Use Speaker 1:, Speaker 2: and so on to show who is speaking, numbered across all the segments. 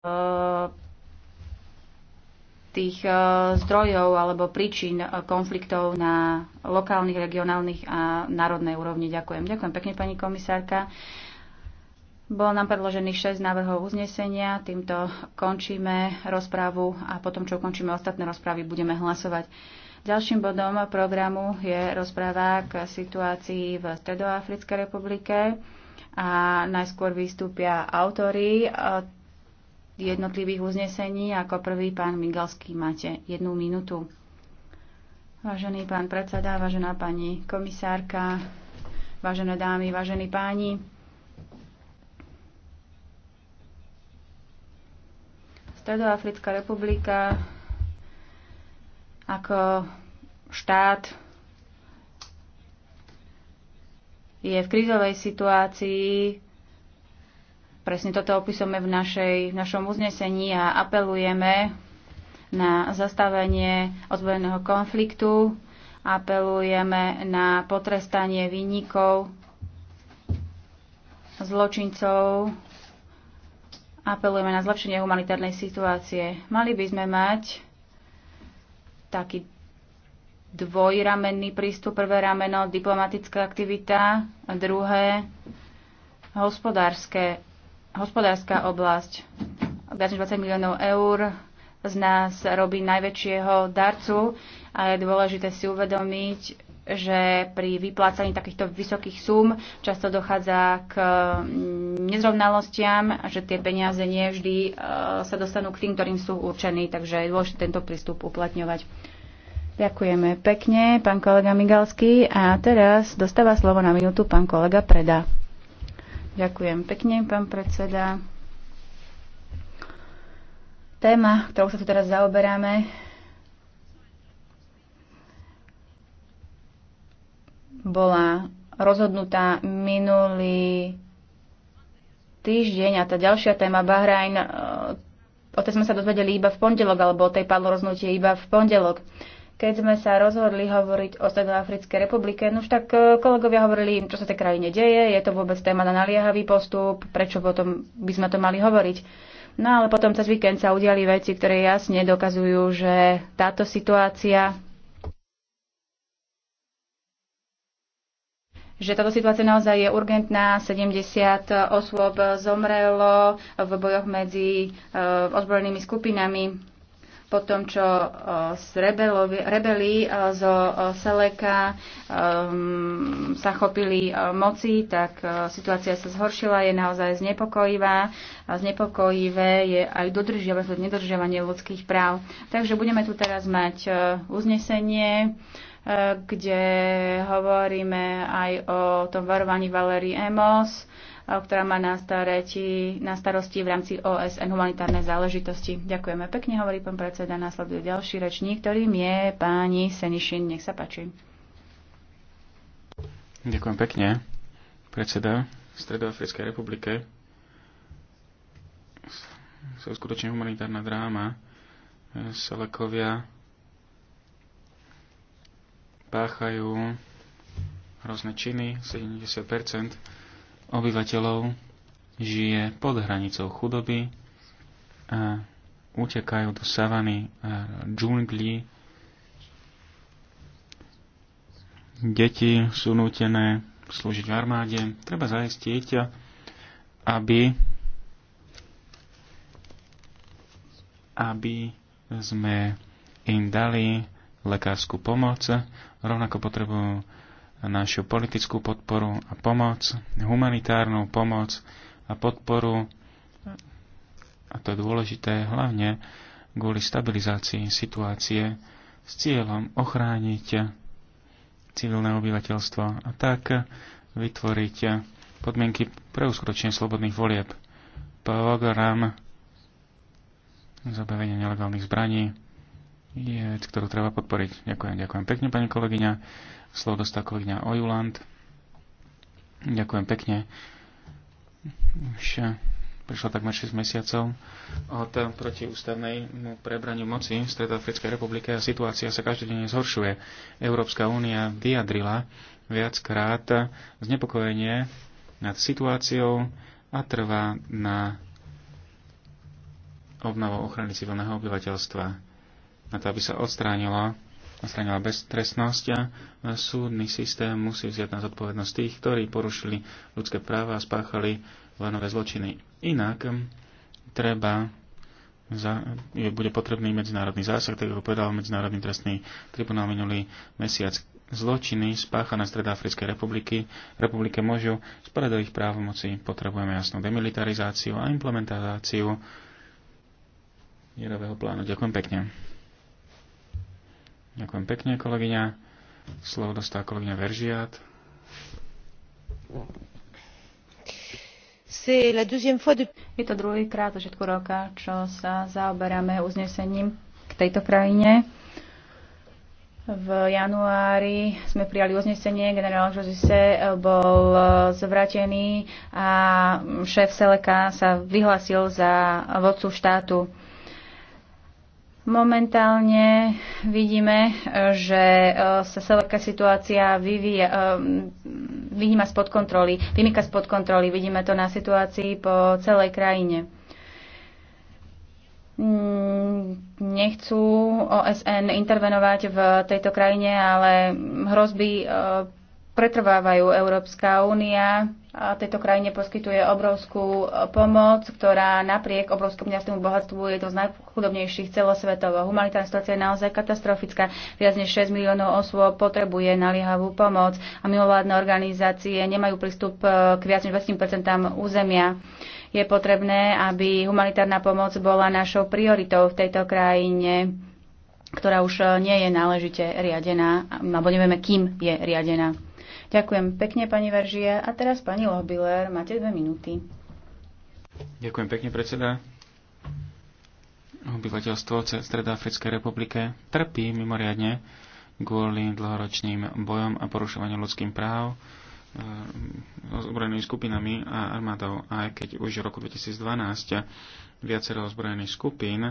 Speaker 1: E, tých e, zdrojov alebo príčin konfliktov na lokálnych, regionálnych a národnej úrovni. Ďakujem. Ďakujem pekne, pani komisárka. Bolo nám predložených 6 návrhov uznesenia. Týmto končíme rozprávu a potom, čo ukončíme ostatné rozprávy, budeme hlasovať. Ďalším bodom programu je rozpráva k situácii v Stredoafrickej republike a najskôr vystúpia autory jednotlivých uznesení. Ako prvý pán Migalský máte jednu minútu. Vážený pán predseda, vážená pani komisárka, vážené dámy, vážení páni. Stredoafrická republika ako štát je v krízovej situácii, Presne toto opisujeme v, našej, v našom uznesení a apelujeme na zastavenie ozbrojeného konfliktu, apelujeme na potrestanie výnikov, zločincov, apelujeme na zlepšenie humanitárnej situácie. Mali by sme mať taký dvojramenný prístup. Prvé rameno diplomatická aktivita a druhé hospodárske hospodárska oblasť. Viac než 20 miliónov eur z nás robí najväčšieho darcu a je dôležité si uvedomiť, že pri vyplácaní takýchto vysokých súm často dochádza k mm, nezrovnalostiam a že tie peniaze nie vždy e, sa dostanú k tým, ktorým sú určení, takže je dôležité tento prístup uplatňovať. Ďakujeme pekne, pán kolega Migalský. A teraz dostáva slovo na minútu pán kolega Preda. Ďakujem pekne, pán predseda. Téma, ktorou sa tu teraz zaoberáme, bola rozhodnutá minulý týždeň a tá ďalšia téma Bahrajn, e, o tej sme sa dozvedeli iba v pondelok, alebo o tej padlo rozhodnutie iba v pondelok keď sme sa rozhodli hovoriť o Stredoafrickej republike, no už tak e, kolegovia hovorili, čo sa tej krajine deje, je to vôbec téma na naliehavý postup, prečo potom by sme to mali hovoriť. No ale potom cez víkend sa udiali veci, ktoré jasne dokazujú, že táto situácia že táto situácia naozaj je urgentná. 70 osôb zomrelo v bojoch medzi e, ozbrojenými skupinami po tom, čo s rebelovi, rebeli zo Seleka um, sa chopili moci, tak situácia sa zhoršila, je naozaj znepokojivá. Znepokojivé je aj dodržiavanie, nedodržiavanie ľudských práv. Takže budeme tu teraz mať uznesenie kde hovoríme aj o tom varovaní Valerie Emos, ktorá má na, staréti, na starosti v rámci OSN humanitárne záležitosti. Ďakujeme pekne, hovorí pán predseda. následuje ďalší rečník, ktorým je páni Senišin. Nech sa páči.
Speaker 2: Ďakujem pekne, predseda Stredoafrickej republike Sú skutočne humanitárna dráma. Eh, Selekovia páchajú hrozné činy. 70% obyvateľov žije pod hranicou chudoby a utekajú do savany a džungli. Deti sú nútené slúžiť v armáde. Treba zaistiť, aby aby sme im dali lekárskú pomoc, rovnako potrebujú našu politickú podporu a pomoc, humanitárnu pomoc a podporu, a to je dôležité hlavne kvôli stabilizácii situácie s cieľom ochrániť civilné obyvateľstvo a tak vytvoriť podmienky pre uskročenie slobodných volieb. Program zabavenia nelegálnych zbraní je vec, ktorú treba podporiť. Ďakujem, ďakujem pekne, pani kolegyňa. Slovo dostal kolegyňa Ojuland. Ďakujem pekne. Už eh, prišlo takmer 6 mesiacov od eh, protiústavnej mm, prebraniu moci v Stredoafrickej republike a situácia sa každodenne zhoršuje. Európska únia vyjadrila viackrát eh, znepokojenie nad situáciou a trvá na obnovu ochrany civilného obyvateľstva na to, aby sa odstránila, odstránila beztrestnosť. Súdny systém musí vziať na zodpovednosť tých, ktorí porušili ľudské práva a spáchali vojnové zločiny. Inak um, treba za, je, bude potrebný medzinárodný zásah, tak ako povedal Medzinárodný trestný tribunál minulý mesiac. Zločiny spáchané Stredoafrickej republiky republike môžu spadať do ich právomoci. Potrebujeme jasnú demilitarizáciu a implementáciu mierového plánu. Ďakujem pekne. Ďakujem pekne, kolegyňa. Slovo dostá kolegyňa Veržiat.
Speaker 1: Je to druhýkrát za všetko roka, čo sa zaoberáme uznesením k tejto krajine. V januári sme prijali uznesenie, generál Josise bol e, zvratený a šéf Seleka sa vyhlasil za vodcu štátu Momentálne vidíme, že e, sa celá situácia vyvíja, e, vyníma spod kontroly, vymýka spod kontroly. Vidíme to na situácii po celej krajine mm, nechcú OSN intervenovať v tejto krajine, ale hrozby e, pretrvávajú. Európska únia tejto krajine poskytuje obrovskú pomoc, ktorá napriek obrovskom jasnému bohatstvu je to z najchudobnejších celosvetovo. Humanitárna situácia je naozaj katastrofická. Viac než 6 miliónov osôb potrebuje naliehavú pomoc a mimovládne organizácie nemajú prístup e, k viac než 20 územia. Je potrebné, aby humanitárna pomoc bola našou prioritou v tejto krajine ktorá už e, nie je náležite riadená, alebo nevieme, kým je riadená. Ďakujem pekne, pani Veržia. A teraz, pani Lobiler, máte dve minúty.
Speaker 2: Ďakujem pekne, predseda. Obyvateľstvo Stredoafrickej republike trpí mimoriadne kvôli dlhoročným bojom a porušovaniu ľudských práv eh, s ozbrojenými skupinami a armádou. Aj keď už v roku 2012 viacero ozbrojených skupín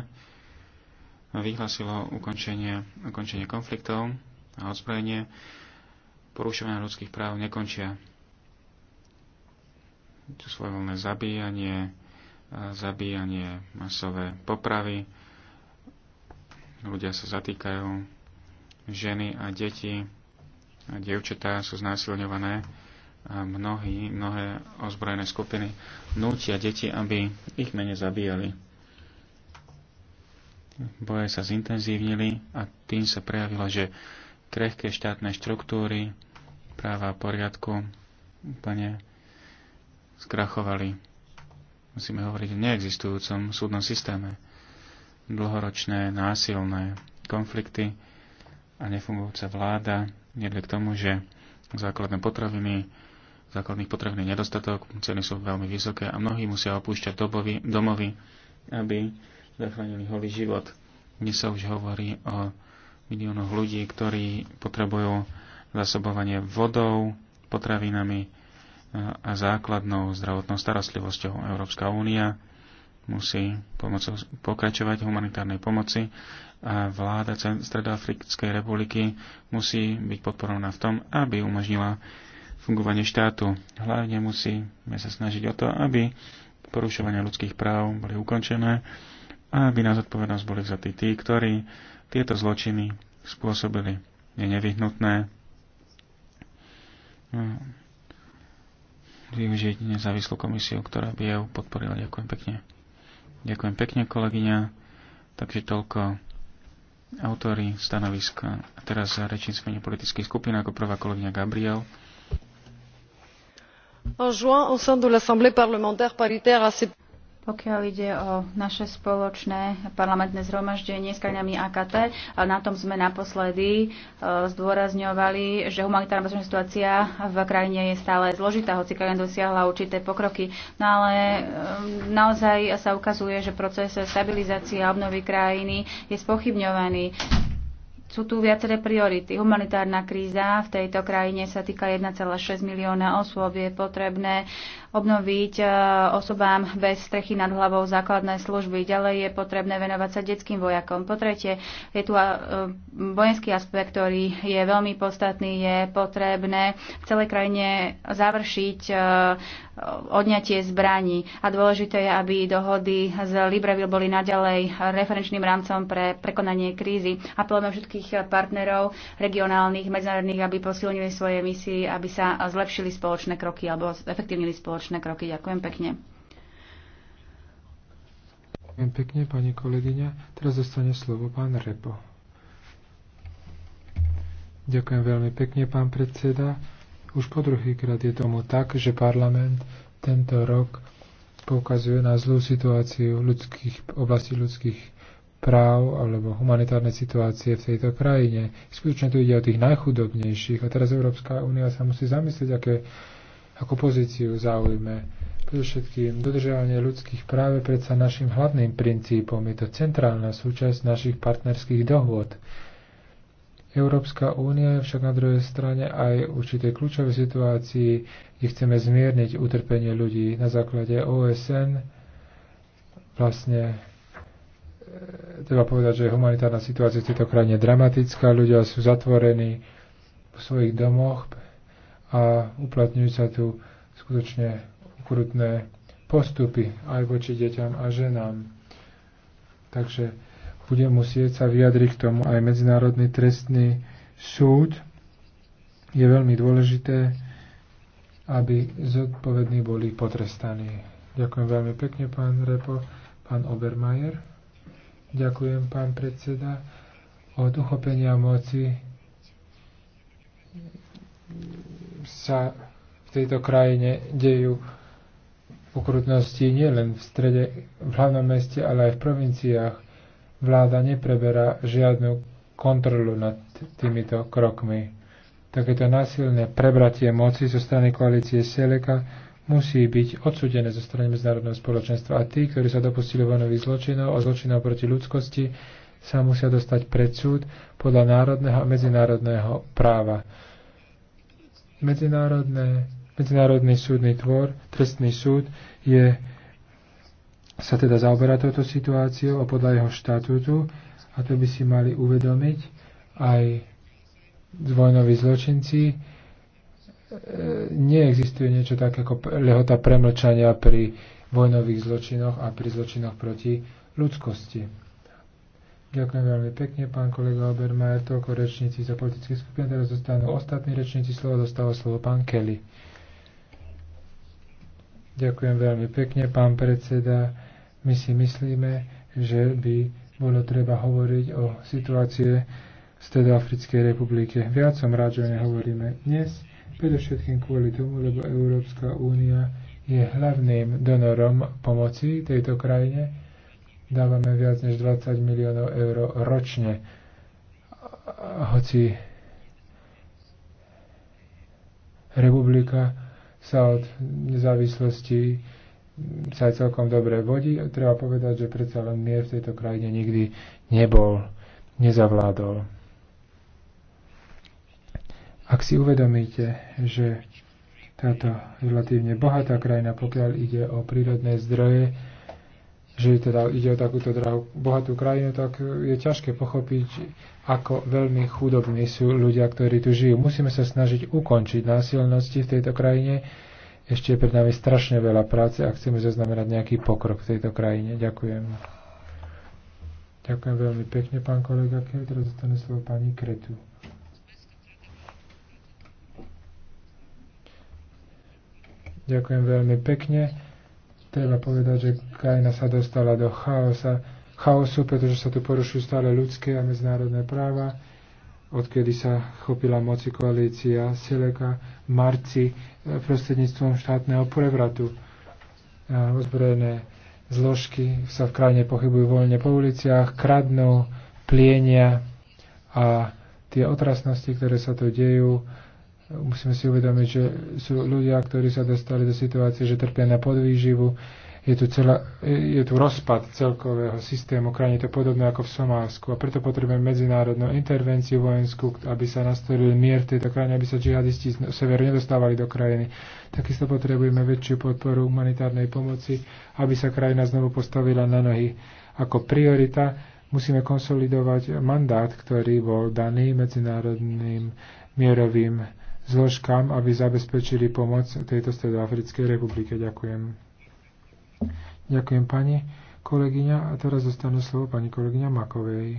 Speaker 2: vyhlasilo ukončenie, ukončenie konfliktov a ozbrojenie, porušovania ľudských práv nekončia. To svojvoľné zabíjanie, zabíjanie, masové popravy, ľudia sa zatýkajú, ženy a deti a dievčatá sú znásilňované a mnohí, mnohé ozbrojené skupiny nútia deti, aby ich mene zabíjali. Boje sa zintenzívnili a tým sa prejavilo, že krehké štátne štruktúry práva a poriadku úplne skrachovali. Musíme hovoriť o neexistujúcom súdnom systéme. Dlhoročné, násilné konflikty a nefungujúca vláda vedli k tomu, že základné potraviny, základných potravín nedostatok, ceny sú veľmi vysoké a mnohí musia opúšťať domovy, domovy aby zachránili holý život. Dnes sa už hovorí o miliónoch ľudí, ktorí potrebujú zásobovanie vodou, potravinami eh, a základnou zdravotnou starostlivosťou. Európska únia musí pomocou, pokračovať humanitárnej pomoci a vláda Stredoafrickej republiky musí byť podporovaná v tom, aby umožnila fungovanie štátu. Hlavne musíme sa snažiť o to, aby porušovania ľudských práv boli ukončené a aby na zodpovednosť boli vzatí tí, ktorí tieto zločiny spôsobili. Je nevyhnutné Hm. využiť nezávislú komisiu, ktorá by ju e podporila. Ďakujem pekne. Ďakujem pekne, kolegyňa. Takže toľko autory stanoviska. A teraz rečníc mene politických skupín ako prvá kolegyňa Gabriel.
Speaker 1: En juin, au sein de l'Assemblée parlementaire paritaire assez... Pokiaľ ide o naše spoločné parlamentné zhromaždenie s krajinami AKT, na tom sme naposledy e, zdôrazňovali, že humanitárna bezpečná situácia v krajine je stále zložitá, hoci krajina dosiahla určité pokroky. No ale e, naozaj sa ukazuje, že proces stabilizácie a obnovy krajiny je spochybňovaný sú tu viaceré priority. Humanitárna kríza v tejto krajine sa týka 1,6 milióna osôb. Je potrebné obnoviť e, osobám bez strechy nad hlavou základné služby. Ďalej je potrebné venovať sa detským vojakom. Po tretie, je tu e, vojenský aspekt, ktorý je veľmi podstatný. Je potrebné v celej krajine završiť e, odňatie zbraní. A dôležité je, aby dohody z Libreville boli naďalej referenčným rámcom pre prekonanie krízy. Apelujeme všetkých partnerov regionálnych, medzinárodných, aby posilnili svoje misie, aby sa zlepšili spoločné kroky alebo efektívnili spoločné kroky. Ďakujem pekne.
Speaker 3: Ďakujem pekne, pani kolegyňa. Teraz zostane slovo pán Repo. Ďakujem veľmi pekne, pán predseda. Už po druhýkrát je tomu tak, že parlament tento rok poukazuje na zlú situáciu ľudských, oblasti ľudských práv alebo humanitárnej situácie v tejto krajine. Skutočne tu ide o tých najchudobnejších a teraz Európska únia sa musí zamyslieť, aké, ako pozíciu zaujme. Predovšetkým dodržiavanie ľudských práv je predsa našim hlavným princípom. Je to centrálna súčasť našich partnerských dohôd. Európska únia je však na druhej strane aj určitej kľúčovej situácii, kde chceme zmierniť utrpenie ľudí na základe OSN. Vlastne e, treba povedať, že humanitárna situácia v tejto krajine je dramatická, ľudia sú zatvorení v svojich domoch a uplatňujú sa tu skutočne ukrutné postupy aj voči deťam a ženám. Takže bude musieť sa vyjadriť k tomu aj Medzinárodný trestný súd. Je veľmi dôležité, aby zodpovední boli potrestaní. Ďakujem veľmi pekne, pán Repo, pán Obermajer. Ďakujem, pán predseda. Od uchopenia moci sa v tejto krajine dejú ukrutnosti nielen v strede, v hlavnom meste, ale aj v provinciách vláda nepreberá žiadnu kontrolu nad týmito krokmi. Takéto násilné prebratie moci zo strany koalície Seleka musí byť odsudené zo strany medzinárodného spoločenstva a tí, ktorí sa dopustili vojnových zločinov a zločinov proti ľudskosti, sa musia dostať pred súd podľa národného a medzinárodného práva. Medzinárodné, medzinárodný súdny tvor, trestný súd je sa teda zaoberá touto situáciou a podľa jeho štatútu, a to by si mali uvedomiť aj vojnoví zločinci, e, neexistuje niečo také ako lehota premlčania pri vojnových zločinoch a pri zločinoch proti ľudskosti. Ďakujem veľmi pekne, pán kolega Obermajer, toľko rečníci za politické skupiny. Teraz dostanú ostatní rečníci slovo, dostáva slovo pán Kelly. Ďakujem veľmi pekne, pán predseda. My si myslíme, že by bolo treba hovoriť o situácie v Stredoafrickej republike. Viac som rád, že nehovoríme dnes, predovšetkým kvôli tomu, lebo Európska únia je hlavným donorom pomoci tejto krajine. Dávame viac než 20 miliónov eur ročne. Hoci republika sa od nezávislosti sa aj celkom dobre vodí. Treba povedať, že predsa len mier v tejto krajine nikdy nebol, nezavládol. Ak si uvedomíte, že táto relatívne bohatá krajina, pokiaľ ide o prírodné zdroje, že teda ide o takúto drahú, bohatú krajinu, tak je ťažké pochopiť, ako veľmi chudobní sú ľudia, ktorí tu žijú. Musíme sa snažiť ukončiť násilnosti v tejto krajine, ešte je pred nami strašne veľa práce a chceme zaznamenať nejaký pokrok v tejto krajine. Ďakujem. Ďakujem veľmi pekne, pán kolega Keď Teraz zostane slovo pani Kretu. Ďakujem veľmi pekne. Treba povedať, že krajina sa dostala do chaosa, chaosu, pretože sa tu porušujú stále ľudské a medzinárodné práva odkedy sa chopila moci koalícia Sileka v marci eh, prostredníctvom štátneho prevratu. Eh, ozbrojené zložky sa v krajine pochybujú voľne po uliciach, kradnú, plienia a tie otrasnosti, ktoré sa tu dejú, musíme si uvedomiť, že sú ľudia, ktorí sa dostali do situácie, že trpia na podvýživu, je tu, celá, je tu rozpad celkového systému krajiny, to podobné ako v Somálsku. A preto potrebujeme medzinárodnú intervenciu vojenskú, aby sa nastolil mier v tejto krajine, aby sa džihadisti z severu nedostávali do krajiny. Takisto potrebujeme väčšiu podporu humanitárnej pomoci, aby sa krajina znovu postavila na nohy. Ako priorita musíme konsolidovať mandát, ktorý bol daný medzinárodným mierovým zložkám, aby zabezpečili pomoc tejto stredoafrickej republike. Ďakujem. Ďakujem pani kolegyňa a teraz zostane slovo pani kolegyňa Makovej.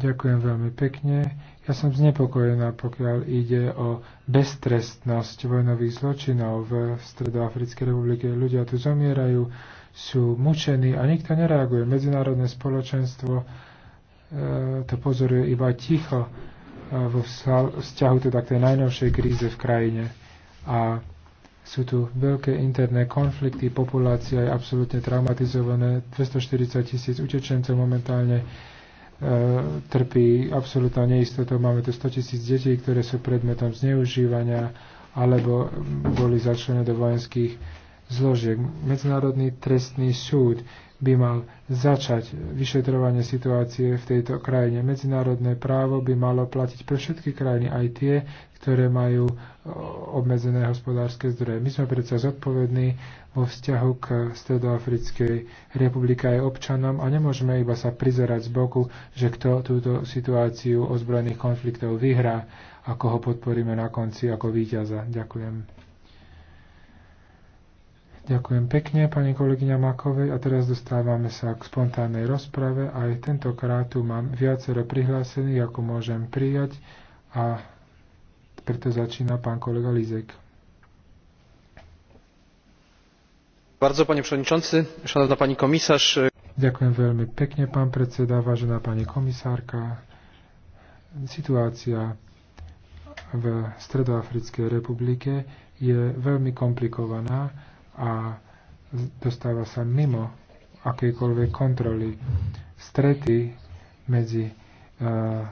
Speaker 3: Ďakujem veľmi pekne. Ja som znepokojená, pokiaľ ide o beztrestnosť vojnových zločinov v Stredoafrickej republike. Ľudia tu zomierajú, sú mučení a nikto nereaguje. Medzinárodné spoločenstvo e, to pozoruje iba ticho e, vo vzťahu teda k tej najnovšej kríze v krajine. A sú tu veľké interné konflikty, populácia je absolútne traumatizovaná, 240 tisíc utečencov momentálne e, trpí absolútna neistotou, máme tu 100 tisíc detí, ktoré sú predmetom zneužívania alebo boli začlené do vojenských zložiek. Medzinárodný trestný súd by mal začať vyšetrovanie situácie v tejto krajine. Medzinárodné právo by malo platiť pre všetky krajiny, aj tie, ktoré majú e, obmedzené hospodárske zdroje. My sme predsa zodpovední vo vzťahu k Stredoafrickej republike aj občanom a nemôžeme iba sa prizerať z boku, že kto túto situáciu ozbrojených konfliktov vyhrá, ako ho podporíme na konci ako víťaza. Ďakujem. Ďakujem pekne, pani kolegyňa Makovej. A teraz dostávame sa k spontánnej rozprave. Aj tentokrát tu mám viacero prihlásených, ako môžem prijať. A preto začína pán kolega Lizek. Bardzo, panie przewodniczący, szanowna pani komisarz. Ďakujem veľmi pekne, pán predseda, vážená pani komisárka. Situácia v Stredoafrickej republike je veľmi komplikovaná a dostáva sa mimo akejkoľvek kontroly. Strety medzi uh,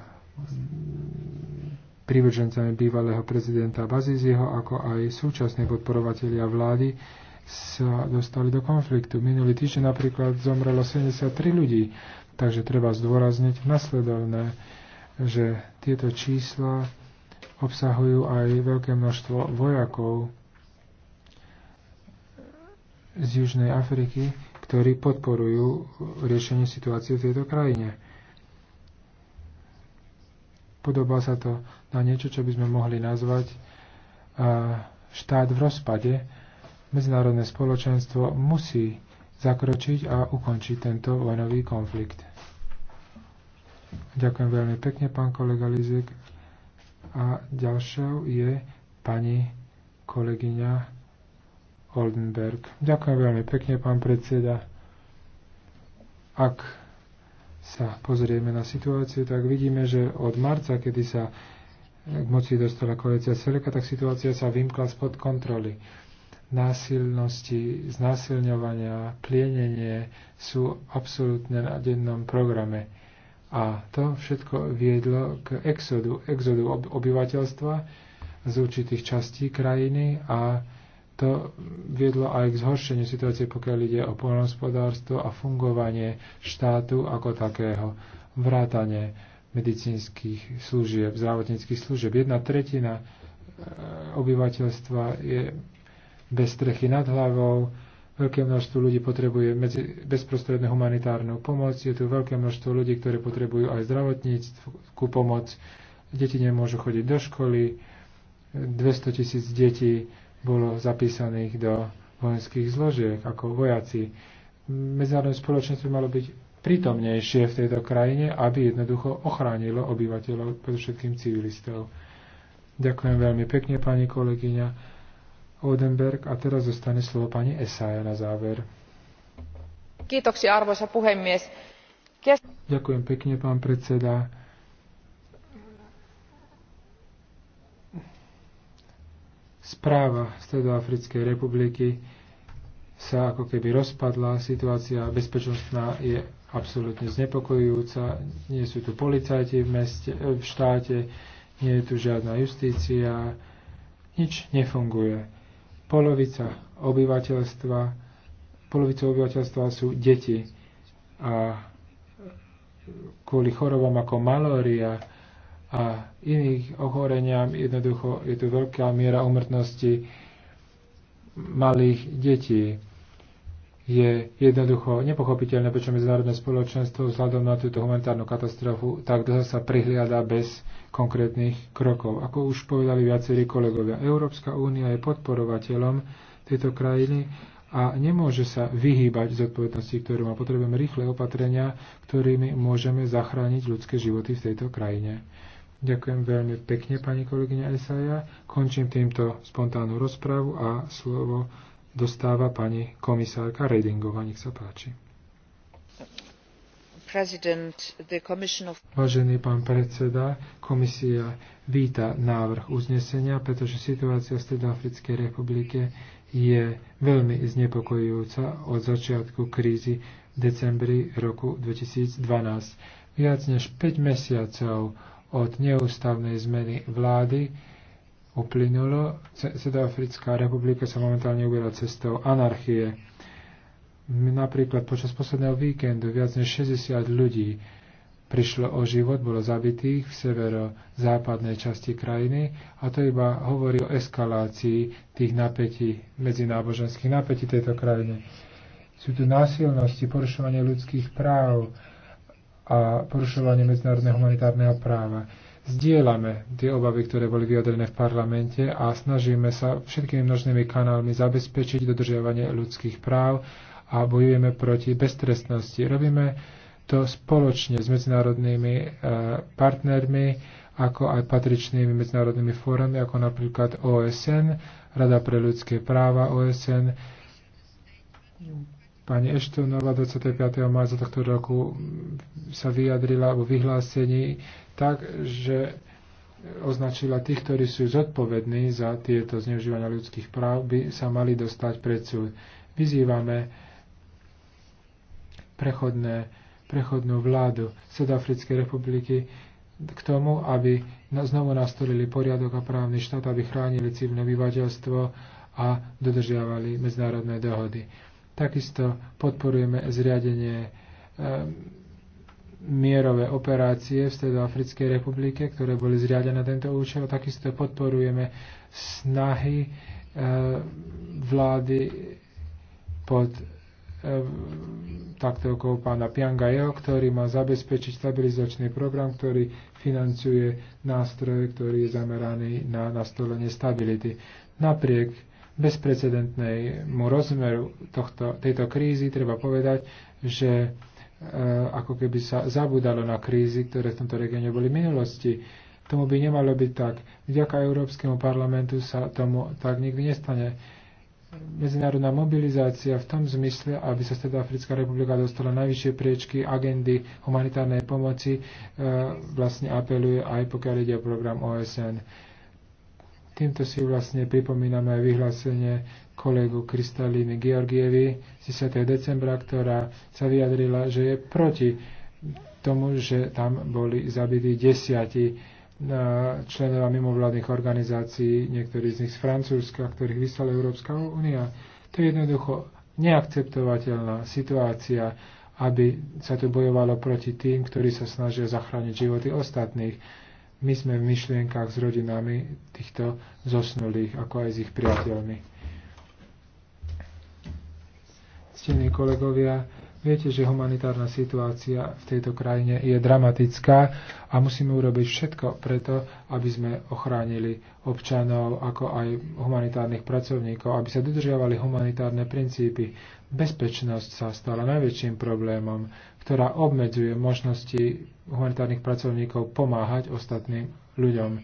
Speaker 3: privržencami bývalého prezidenta Bazizieho, ako aj súčasní podporovatelia vlády, sa dostali do konfliktu. Minulý týždeň napríklad zomrelo 73 ľudí, takže treba zdôrazniť nasledovné, že tieto čísla obsahujú aj veľké množstvo vojakov, z Južnej Afriky, ktorí podporujú riešenie situácie v tejto krajine. Podobá sa to na niečo, čo by sme mohli nazvať štát v rozpade. Medzinárodné spoločenstvo musí zakročiť a ukončiť tento vojnový konflikt. Ďakujem veľmi pekne, pán kolega Lizek. A ďalšou je pani kolegyňa Oldenberg. Ďakujem veľmi pekne, pán predseda. Ak sa pozrieme na situáciu, tak vidíme, že od marca, kedy sa k moci dostala koalícia Seleka, tak situácia sa vymkla spod kontroly. Násilnosti, znásilňovania, plienenie sú absolútne na dennom programe. A to všetko viedlo k exodu, exodu obyvateľstva z určitých častí krajiny a to viedlo aj k zhoršeniu situácie, pokiaľ ide o poľnohospodárstvo a fungovanie štátu ako takého, vrátanie medicínskych služieb, zdravotníckých služieb. Jedna tretina e, obyvateľstva je bez strechy nad hlavou, veľké množstvo ľudí potrebuje medzi, bezprostrednú humanitárnu pomoc, je tu veľké množstvo ľudí, ktorí potrebujú aj zdravotníckú pomoc, deti nemôžu chodiť do školy, 200 tisíc detí bolo zapísaných do vojenských zložiek ako vojaci. Medzinárodné spoločenstvo malo byť prítomnejšie v tejto krajine, aby jednoducho ochránilo obyvateľov, predovšetkým civilistov. Ďakujem veľmi pekne, pani kolegyňa Odenberg. A teraz zostane slovo pani Esaja na záver.
Speaker 1: Kiitoksia, arvoisa puhemies.
Speaker 3: Ďakujem pekne, pán predseda. správa Stredoafrickej republiky sa ako keby rozpadla, situácia bezpečnostná je absolútne znepokojujúca, nie sú tu policajti v, meste, v štáte, nie je tu žiadna justícia, nič nefunguje. Polovica obyvateľstva, polovica obyvateľstva sú deti a kvôli chorobám ako malória, a iných ochoreniam. Jednoducho je tu veľká miera umrtnosti malých detí. Je jednoducho nepochopiteľné, prečo medzinárodné spoločenstvo vzhľadom na túto humanitárnu katastrofu tak dlho sa prihliada bez konkrétnych krokov. Ako už povedali viacerí kolegovia, Európska únia je podporovateľom tejto krajiny a nemôže sa vyhýbať z odpovednosti, ktorú má. Potrebujeme rýchle opatrenia, ktorými môžeme zachrániť ľudské životy v tejto krajine. Ďakujem veľmi pekne, pani kolegyňa Esaja. Končím týmto spontánnu rozprávu a slovo dostáva pani komisárka Redingova. Nech sa páči. Vážený pán predseda, komisia víta návrh uznesenia, pretože situácia v Stredoafrickej republike je veľmi znepokojujúca od začiatku krízy v decembri roku 2012. Viac než 5 mesiacov od neústavnej zmeny vlády uplynulo. Sedoafrická republika sa momentálne uberá cestou anarchie. Napríklad počas posledného víkendu viac než 60 ľudí prišlo o život, bolo zabitých v severo-západnej časti krajiny a to iba hovorí o eskalácii tých napätí, medzináboženských napätí tejto krajine. Sú tu násilnosti, porušovanie ľudských práv, a porušovanie medzinárodného humanitárneho práva. Zdieľame tie obavy, ktoré boli vyjadrené v parlamente a snažíme sa všetkými množnými kanálmi zabezpečiť dodržiavanie ľudských práv a bojujeme proti beztrestnosti. Robíme to spoločne s medzinárodnými e, partnermi, ako aj patričnými medzinárodnými fórami, ako napríklad OSN, Rada pre ľudské práva OSN, Pani Eštonova 25. marca tohto roku sa vyjadrila vo vyhlásení tak, že označila tých, ktorí sú zodpovední za tieto zneužívania ľudských práv, by sa mali dostať pred súd. Vyzývame prechodné, prechodnú vládu Sedafrickej republiky k tomu, aby znovu nastolili poriadok a právny štát, aby chránili civilné obyvateľstvo a dodržiavali medzinárodné dohody. Takisto podporujeme zriadenie ehm, mierové operácie v Stredoafrickej republike, ktoré boli zriadené na tento účel. Takisto podporujeme snahy ehm, vlády pod ehm, taktovkou pána Piangajo, ktorý má zabezpečiť stabilizačný program, ktorý financuje nástroje, ktorý je zameraný na nastolenie stability. Napriek bezprecedentnému rozmeru tohto, tejto krízy treba povedať, že e, ako keby sa zabudalo na krízy, ktoré v tomto regióne boli v minulosti. Tomu by nemalo byť tak. Vďaka Európskemu parlamentu sa tomu tak nikdy nestane. Medzinárodná mobilizácia v tom zmysle, aby sa Africká republika dostala najvyššie priečky agendy humanitárnej pomoci, e, vlastne apeluje aj pokiaľ ide o program OSN Týmto si vlastne pripomíname aj vyhlásenie kolegu Kristalíny Georgievi z 10. decembra, ktorá sa vyjadrila, že je proti tomu, že tam boli zabití desiati e, členova mimovládnych organizácií, niektorí z nich z Francúzska, ktorých vyslala Európska únia. To je jednoducho neakceptovateľná situácia, aby sa tu bojovalo proti tým, ktorí sa snažia zachrániť životy ostatných my sme v myšlienkach s rodinami týchto zosnulých, ako aj s ich priateľmi. Ctení kolegovia, viete, že humanitárna situácia v tejto krajine je dramatická a musíme urobiť všetko preto, aby sme ochránili občanov, ako aj humanitárnych pracovníkov, aby sa dodržiavali humanitárne princípy. Bezpečnosť sa stala najväčším problémom, ktorá obmedzuje možnosti humanitárnych pracovníkov pomáhať ostatným ľuďom.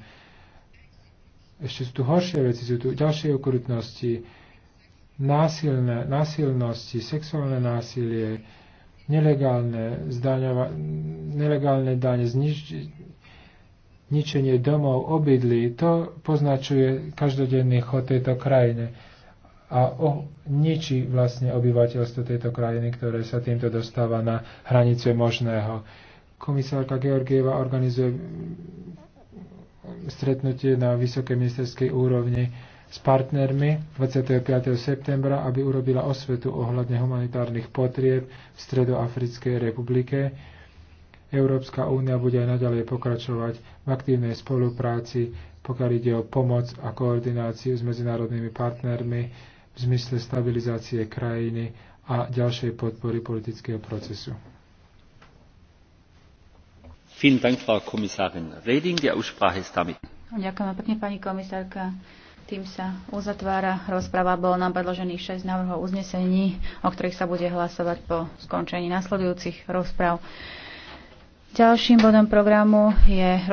Speaker 3: Ešte sú tu horšie veci, sú tu ďalšie okrutnosti, násilné, násilnosti, sexuálne násilie, nelegálne, zdaňova, nelegálne dane, znič, ničenie domov, obydlí. To poznačuje každodenný chod tejto krajine a o, ničí vlastne obyvateľstvo tejto krajiny, ktoré sa týmto dostáva na hranice možného. Komisárka Georgieva organizuje mm, stretnutie na vysokej ministerskej úrovni s partnermi 25. septembra, aby urobila osvetu ohľadne humanitárnych potrieb v Stredoafrickej republike. Európska únia bude aj naďalej pokračovať v aktívnej spolupráci, pokiaľ ide o pomoc a koordináciu s medzinárodnými partnermi v zmysle stabilizácie krajiny a ďalšej podpory politického
Speaker 2: procesu. Ďakujem
Speaker 1: pekne, pani komisárka. Tým sa uzatvára rozprava. Bolo nám predložených 6 návrhov uznesení, o ktorých sa bude hlasovať po skončení nasledujúcich rozpráv. Ďalším bodom programu je